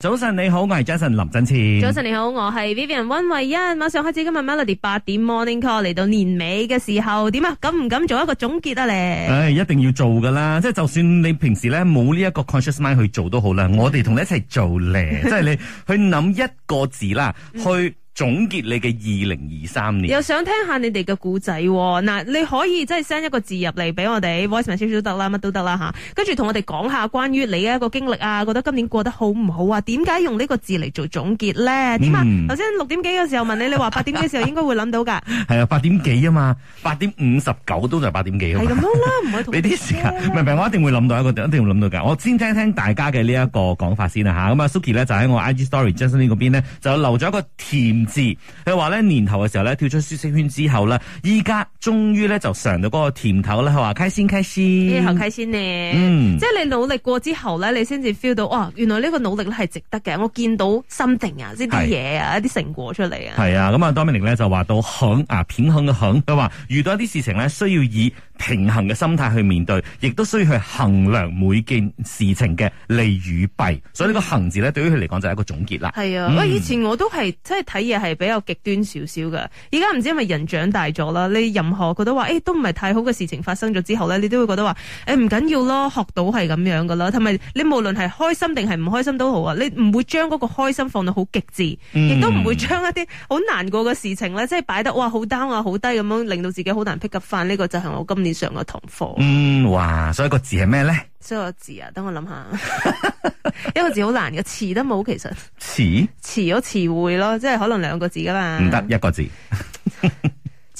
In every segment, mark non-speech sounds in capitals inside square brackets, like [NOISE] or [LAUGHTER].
早晨你好，我係 Jason 林振超。早晨你好，我係 Vivian 溫慧欣。馬上開始今日 Melody 八點 Morning Call，嚟到年尾嘅時候，點啊？敢唔敢做一個總結啊？咧，唉，一定要做噶啦，即係就算你平時咧冇呢一個 conscious mind 去做都好啦，我哋同你一齊做咧，即係你去諗一個字啦， [LAUGHS] 去。總結你嘅二零二三年，又想聽一下你哋嘅故仔嗱、啊，你可以即係 send 一個字入嚟俾我哋，voice 慢少少得啦，乜 [MUSIC] 都得啦吓，跟住同我哋講下關於你嘅一個經歷啊，覺得今年過得好唔好啊？點解用呢個字嚟做總結咧？點、嗯、啊？頭先六點幾嘅時候問你，你話八點幾嘅時候應該會諗到噶，係 [LAUGHS] 啊，八點幾啊嘛，八點五十九都 [LAUGHS] 就八點幾啊係咁好啦，唔會俾啲時間，明明？我一定會諗到一個，一定會諗到噶。我先聽聽大家嘅呢一個講法先啦、啊、吓。咁啊，Suki 咧就喺我 IG story Justin 嗰邊咧就留咗一個甜。字佢話咧年頭嘅時候咧，跳出舒適圈之後咧，依家終於咧就嘗到嗰個甜頭咧。佢話開心，開心，好開心咧、啊嗯！即係你努力過之後咧，你先至 feel 到哦，原來呢個努力係值得嘅。我見到心定啊，呢啲嘢啊，一啲成果出嚟啊。係啊，咁啊，Dominic 咧就話到衡啊，平衡嘅衡。佢話遇到一啲事情咧，需要以平衡嘅心態去面對，亦都需要去衡量每件事情嘅利與弊。所以呢個衡字呢」字、嗯、咧，對於佢嚟講就係一個總結啦。係啊，嗯、以前我都係即係睇嘢。係比較極端少少噶，而家唔知係咪人長大咗啦？你任何覺得話誒，都唔係太好嘅事情發生咗之後咧，你都會覺得話誒唔緊要咯，學到係咁樣噶啦，同埋你無論係開心定係唔開心都好啊，你唔會將嗰個開心放到好極致，亦都唔會將一啲好難過嘅事情咧，即係擺得哇好 down 啊好低咁樣，令到自己好難 pick up 翻呢個就係我今年上嘅堂課。嗯，哇！所以個字係咩咧？一個字啊，等我諗下 [LAUGHS] 一遲遲，一個字好難嘅詞都冇，其實詞遲咗詞彙咯，即係可能兩個字噶嘛，唔得一個字。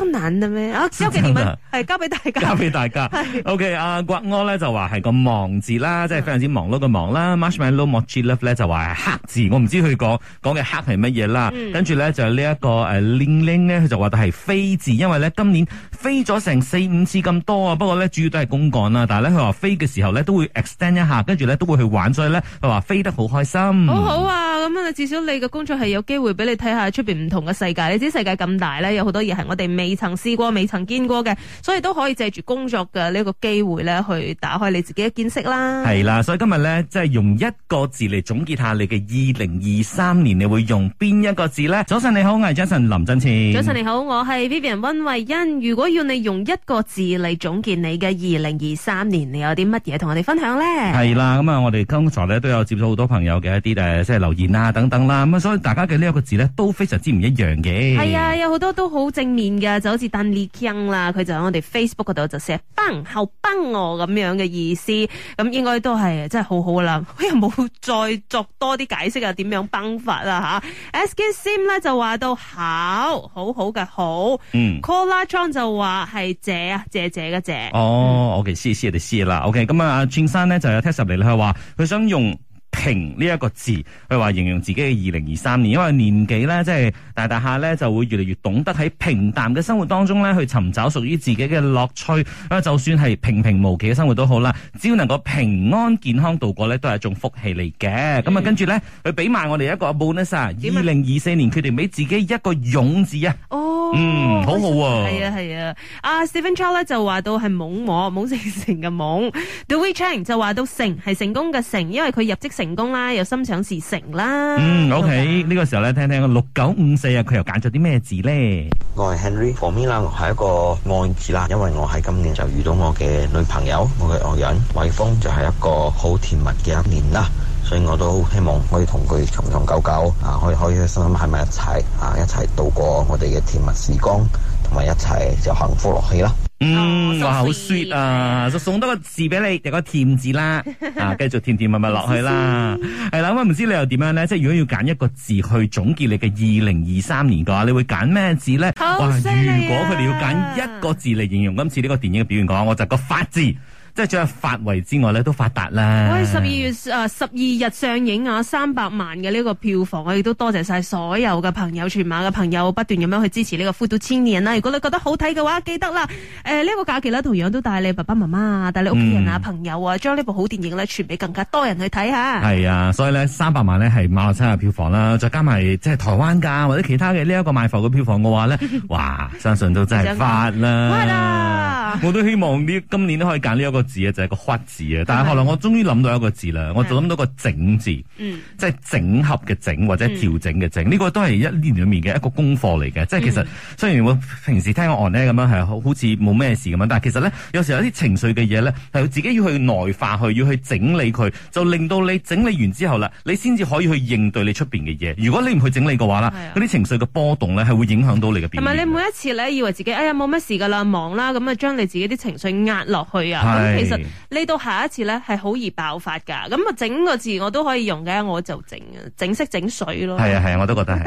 艱難的咩？啊，交點啊？係交俾大家，交俾大家。 [LAUGHS] O.K. 啊，郭安咧就話係個忙字啦，即、就、係、是、非常之忙碌嘅忙啦。Marchman Low Mochi Love 咧就話係黑字，我唔知佢講講嘅黑係乜嘢啦。嗯、跟住咧就係、這個嗯啊、呢一個誒，Linling 咧佢就話到係飛字，因為咧今年飛咗成四五次咁多啊。不過咧主要都係公幹啦，但係咧佢話飛嘅時候咧都會 extend 一下，跟住咧都會去玩，所以咧佢話飛得好開心。好好啊，咁啊，至少你嘅工作係有機會俾你睇下出邊唔同嘅世界。你知道世界咁大咧，有好多嘢係我哋.未曾試過、未曾見過嘅，所以都可以借住工作嘅呢個機會咧，去打開你自己嘅見識啦。係啦，所以今日咧，即係用一個字嚟總結下你嘅二零二三年，你會用邊一個字咧？早晨你好，我係 Jason 林振前。早晨你好，我係 Vivian 溫慧欣。如果要你用一個字嚟總結你嘅二零二三年，你有啲乜嘢同我哋分享咧？係啦，咁啊，我哋剛才咧都有接咗好多朋友嘅一啲誒，即係留言啊等等啦。咁啊，所以大家嘅呢一個字咧都非常之唔一樣嘅。係啊，有好多都好正面嘅。就好似 Daniel 啦，佢就喺我哋 Facebook 嗰度就寫崩，後崩我咁樣嘅意思，咁應該都係真係好好啦。我又冇再作多啲解釋啊，點樣崩法啦吓？SK Sim 咧就話到好，好好嘅好。c o l l a t r o n 就話係謝啊、哦嗯 okay,，謝謝嘅謝。哦，OK，C，C，我哋 C 啦。OK，咁啊，俊山咧就有 test 入嚟啦，佢話佢想用。平呢一個字佢話形容自己嘅二零二三年，因為年紀咧即係大大下咧就會越嚟越懂得喺平淡嘅生活當中咧去尋找屬於自己嘅樂趣，啊就算係平平無奇嘅生活都好啦，只要能夠平安健康度過咧都係一種福氣嚟嘅。咁、嗯、啊跟住咧佢俾埋我哋一個 bonus，二零二四年決定俾自己一個勇字啊、嗯，哦，嗯，好好喎，係啊係啊，阿 Stephen Chow 咧就話到係懵我懵成成嘅懵 Dewey Chang 就話到成係成功嘅成，因為佢入職成。成功啦，又心想事成啦。嗯，OK，呢、嗯，這個時候咧，聽聽個六九五四啊，佢又揀咗啲咩字咧？我係 Henry，For me 啦，係一個愛字啦，因為我喺今年就遇到我嘅女朋友，我嘅愛人偉峰，就係、是、一個好甜蜜嘅一年啦，所以我都希望可以同佢長長久久，啊，可以開開心心喺埋一齊啊，一齊度過我哋嘅甜蜜時光，同埋一齊就幸福落去啦。嗯、哦，哇，好 sweet 啊！就送多個字俾你，有個甜字啦， [LAUGHS] 啊，繼續甜甜蜜蜜落去啦。係啦，咁唔知你又點樣咧？即係如果要揀一個字去總結你嘅二零二三年嘅話，你會揀咩字咧？哇、啊！如果佢哋要揀一個字嚟形容今次呢個電影嘅表現嘅話，我就係個法字。即係除咗發圍之外咧，都發達啦！我喺十二月啊，十二日上映啊，三百萬嘅呢個票房啊，亦都多謝晒所有嘅朋友、全馬嘅朋友不斷咁樣去支持呢個《富都青年》啦。如果你覺得好睇嘅話，記得啦，誒、呃、呢、這個假期咧，同樣都帶你爸爸媽媽啊，帶你屋企人啊、嗯、朋友啊，將呢部好電影咧，傳俾更加多人去睇下。係啊，所以咧，三百萬咧係馬來西亞嘅票房啦，再加埋即係台灣㗎或者其他嘅呢一個賣房嘅票房嘅話咧， [LAUGHS] 哇，相信都真係發啦！啦、啊，我都希望呢今年都可以揀呢一個字就係、是、個屈字啊，但係後來我終於諗到一個字啦，我就諗到個整字，嗯、即係整合嘅整或者調整嘅整，呢、嗯，這個都係一年裏面嘅一個功課嚟嘅、嗯，即係其實雖然我平時聽我按咧咁樣係好似冇咩事咁樣，但係其實咧有時候有啲情緒嘅嘢咧係要自己要去內化去，要去整理佢，就令到你整理完之後啦，你先至可以去應對你出邊嘅嘢。如果你唔去整理嘅話啦，嗰啲情緒嘅波動咧係會影響到你嘅。係咪你每一次你以為自己哎呀冇乜事噶啦，忙啦咁啊，將你自己啲情緒壓落去啊？其實嚟到下一次咧，係好易爆發噶。咁啊，整個字我都可以用嘅，我就整整色整水咯。係啊係啊，我都覺得係。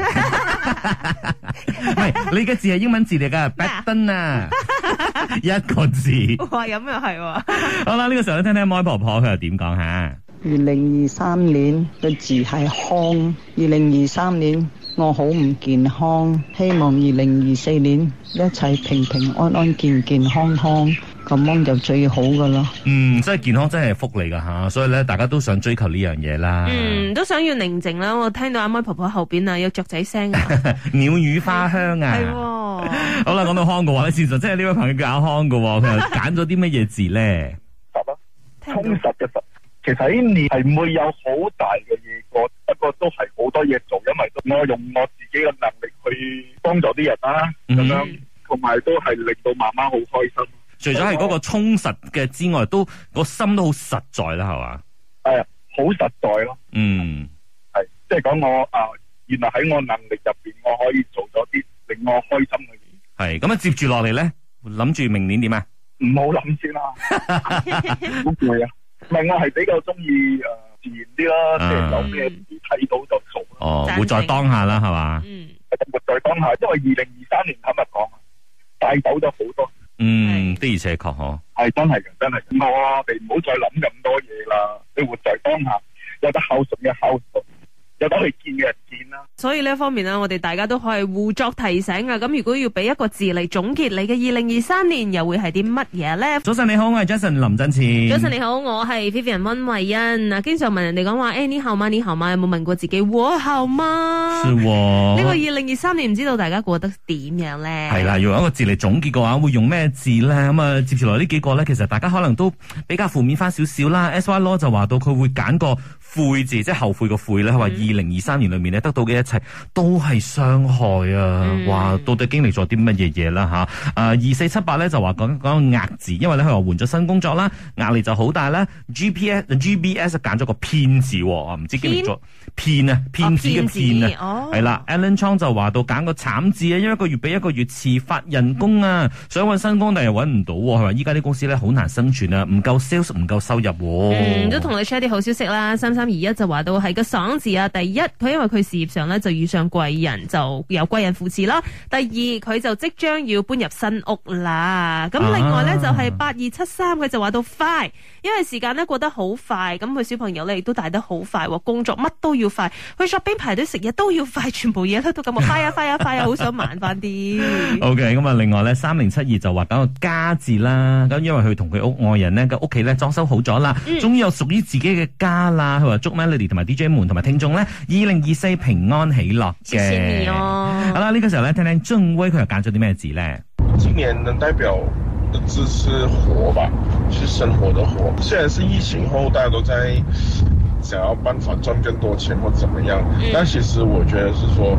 唔係， [LAUGHS] [LAUGHS] 你嘅字係英文字嚟噶拜登啊， [LAUGHS] 一個字。哇，咁又係喎。 [LAUGHS] 好啦，呢、這個時候聽聽我婆婆佢又點講吓？二零二三年嘅字係康。二零二三年我好唔健康，希望二零二四年一切平平安安、健健康康。咁樣就最好噶啦。嗯，所以健康真係福利噶吓，所以咧大家都想追求呢樣嘢啦。嗯，都想要寧靜啦。我聽到阿媽婆婆後邊啊有雀仔聲啊，鳥語花香啊。係。好啦，講到康嘅話咧，事實上真係呢位朋友叫阿康嘅，佢揀咗啲乜嘢字咧？實啦，充實嘅實。其實呢年係唔會有好大嘅嘢過，不過都係好多嘢做，因為我用我自己嘅能力去幫助啲人啦，咁樣同埋都係令到媽媽好開心。除咗係嗰個充實嘅之外，都個心都好實在啦，係嘛？係啊，好實在咯。嗯，係即係講我啊，原來喺我能力入邊，我可以做咗啲令我開心嘅嘢。係咁啊，接住落嚟咧，諗住明年點啊？唔好諗先啦，好攰啊！唔係我係比較中意誒自然啲啦，嗯，即係有咩事睇到就做啦，嗯。哦，活在當下啦，係嘛？嗯，活在當下，因為二零二三年坦白講，帶走咗好多。嗯，嗯，的而且確嗬，係真係㗎，真係。我，你唔好再諗咁多嘢啦，你活在當下，有得孝順嘅孝順。有得去見嘅就見啦，所以呢一方面呢，我哋大家都可以互作提醒啊。咁如果要俾一個字嚟總結你嘅二零二三年，又會係啲乜嘢咧？早晨你好，我係 Jason 林振志。早晨你好，我係 Vivian 溫慧欣。啊，經常問人哋講話，Annie 後媽，你後媽有冇問過自己我後媽？是喎。呢、這個二零二三年唔知道大家過得點樣咧？係啦，如果一個字嚟總結嘅話，會用咩字咧？咁、嗯、啊，接住來呢幾個咧，其實大家可能都比較負面翻少少啦。S Y Lo 就話到佢會揀個悔字，即係後悔個悔咧，話。二零二三年裏面咧得到嘅一切都係傷害啊！話、嗯、到底經歷咗啲乜嘢嘢啦嚇？誒二四七八咧就話講講壓字，因為咧佢話換咗新工作啦，壓力就好大啦。G P S G B S 揀咗個騙字喎，唔知經歷咗騙啊騙子嘅騙啊，係啦、啊。Alan Chong 就話到揀個慘字啊，因為一個月比一個月遲發人工啊，嗯、想揾新工但又揾唔到喎、啊，係咪？依家啲公司咧好難生存啊，唔夠 sales 唔夠收入喎、啊嗯。都同你 check 啲好消息啦，三三二一就話到係個爽字啊！第一，佢因為佢事業上咧就遇上貴人，就有貴人扶持啦。第二，佢就即將要搬入新屋啦。咁另外咧就係八二七三，佢就話到快，因為時間咧過得好快，咁佢小朋友咧亦都大得好快喎，工作乜都要快，去 shopping 邊排隊食嘢都要快，全部嘢都咁快啊快啊快啊，好、啊啊、 [LAUGHS] 想慢翻啲。OK，咁啊另外咧三零七二就話緊個家字啦，咁因為佢同佢屋外人咧嘅屋企咧裝修好咗啦，終於有屬於自己嘅家啦。佢話祝 Melody 同埋 DJ 們同埋聽眾咧二零二四平安喜樂嘅，好啦、哦，呢個時候咧，聽聽俊威佢又揀咗啲咩字咧？今年能代表的字是活吧，是生活的活。雖然是疫情後，大家都在想要辦法賺更多錢或怎麼樣，嗯，但其實我覺得是說。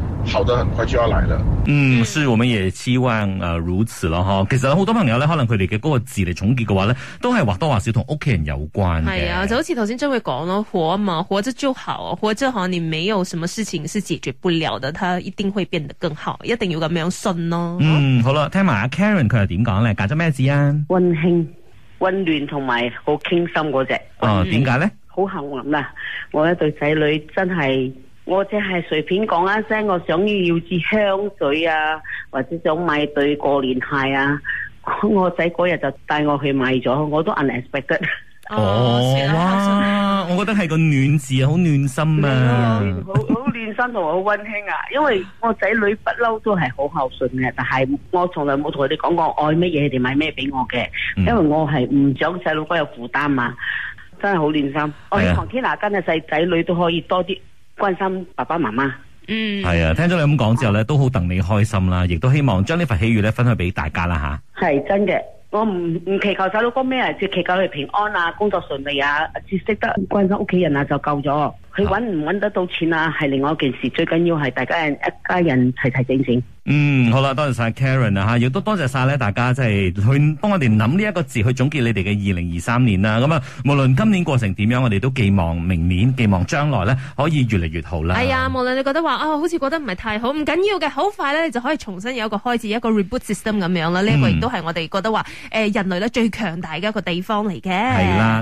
好的，很快就要來了。嗯，是，我們也期望呃如此咯，嗬。其實好多朋友咧，可能佢哋嘅嗰個字嚟總結嘅話咧，都係或多或少同屋企人有關嘅。係啊，就好似頭先正會講咯，活嘛，活着就好，活着好，你沒有什麼事情是解決不了的，他一定會變得更好，一定要咁樣信咯。嗯，好啦，聽埋阿 Karen 佢又點講咧？揀咗咩字啊？溫馨、溫暖同埋好傾心嗰隻。哦，點解咧？好幸運啊，我一對仔女真係。我淨係隨便講一聲，我想要要支香水啊，或者想買對過年鞋啊，我仔嗰日就帶我去買咗，我都 unexpected 哦 [LAUGHS] 我覺得係個暖字啊，好暖心啊，好、嗯、暖心同好溫馨啊 [LAUGHS] 因，因為我仔女不嬲都係好孝順嘅，但係我從來冇同佢哋講過愛乜嘢，佢哋買咩俾我嘅，因為我係唔想細佬哥有負擔嘛，真係好暖心。哦、嗯，唐天娜真係細仔女都可以多啲，關心爸爸媽媽，嗯，係啊，聽咗你咁講之後咧，都好等你開心啦，亦都希望將呢份喜悅咧，分享俾大家啦吓。係真嘅，我唔唔祈求細佬哥咩啊，只祈求你平安啊，工作順利啊，只識得關心屋企人啊就夠咗。搵唔搵得到錢啊，係另外一件事，最緊要係大家一家人齊齊整整。嗯，好啦，多謝晒 Karen 啊嚇，亦、啊、都多謝晒咧大家，即係去幫我哋諗呢一個字去總結你哋嘅二零二三年啦。咁啊，無論今年過程點樣，我哋都寄望明年，寄望將來咧可以越嚟越好啦。係、哎、啊，無論你覺得話啊、哦，好似覺得唔係太好，唔緊要嘅，好快咧，就可以重新有一個開始，一個 reboot system 咁樣啦。呢個亦都係我哋覺得話，誒、嗯呃、人類咧最強大嘅一個地方嚟嘅。係啦。